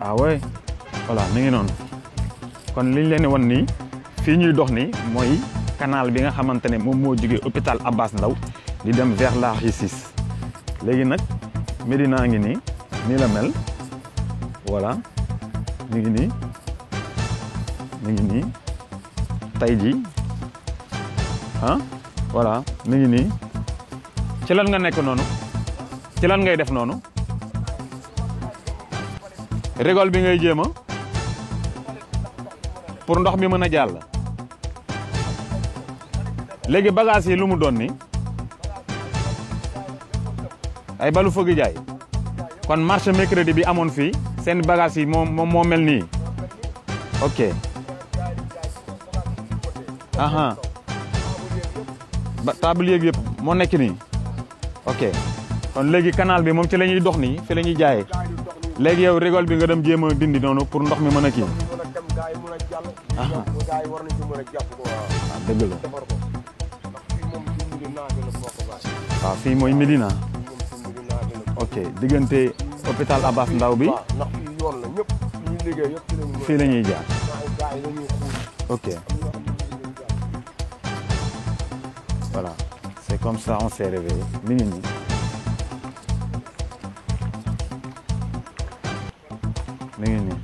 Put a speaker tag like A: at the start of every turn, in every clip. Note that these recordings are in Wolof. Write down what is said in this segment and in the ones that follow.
A: ah oui voilà mi ngi noonu kon liñ leen di wan nii fii ñuy dox nii mooy kanaal bi nga xamante ne moom moo jugee hôpital Abbas Ndao di dem vers la rue 6 léegi nag Médina ngi nii nii la mel voilà mi ngi nii mi ngi nii tey jii ah voilà mi ngi nii ci lan nga nekk noonu ci lan ngay def noonu rigole bi ngay jéem pour ndox mi mën a jàll léegi bagages yi lu mu doon ni ay balu fëgg jaay kon marché mercredi bi amoon fii seen bagages yi moom moom moo mel nii ok aha ba table yeeg yëpp moo nekk nii ok kon léegi kanaal bi moom ci la ñuy dox nii fi la ñuy jaay léegi yow rigole bi nga dem jéem a dindi noonu pour ndox mi mën a kii. ah ah dëgg la. waaw fii mooy Médina. ok diggante hôpital Abass Ndao bi. fii la ñuy jaar. ok. voilà c'est comme ça on s'est réveillé ñuy ngi mi ngi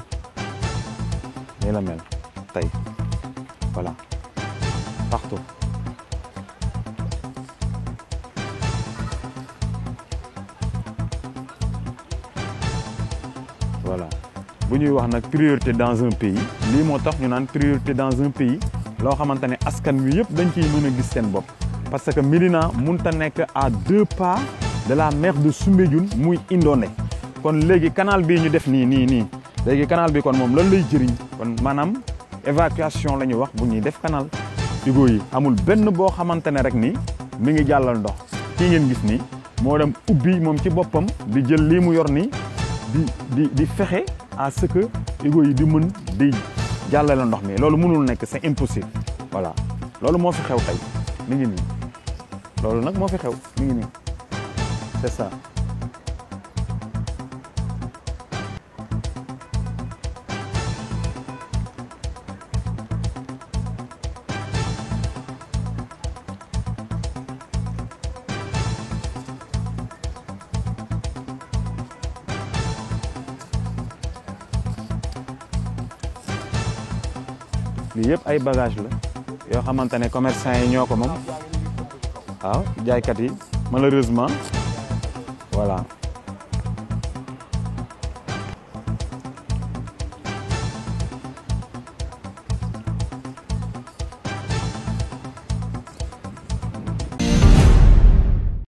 A: nii la mel tey voilà partout voilà bu ñuy wax nag priorité dans un pays lii moo tax ñu naan priorité dans un pays loo xamante ne askan wi yëpp dañ ciy mën a gis seen bopp parce que Médina mënut a nekk à deux pas de la mer de Soumbédioune muy Indondé kon léegi canal bii ñu def nii nii nii léegi canal bi kon moom lan lay jëriñ kon maanaam évacuation la ñu wax bu ñuy def canal Hugo yi amul benn boo xamante ne rek nii mi ngi jàllal ndox kii ngeen gis ni moo dem ubbi moom ci boppam di jël lii mu yor nii di di fexe à ce que yi di mën di jàllale ndox mi loolu mënul nekk c'est impossible voilà loolu moo fi xew tey mi ngi nii loolu nag moo fi xew mi ngi nii c'est ça lii yëpp ay bagage la yoo xamante ne commerçant yi ñoo ko moom waaw jaaykat yi malheureusement voilà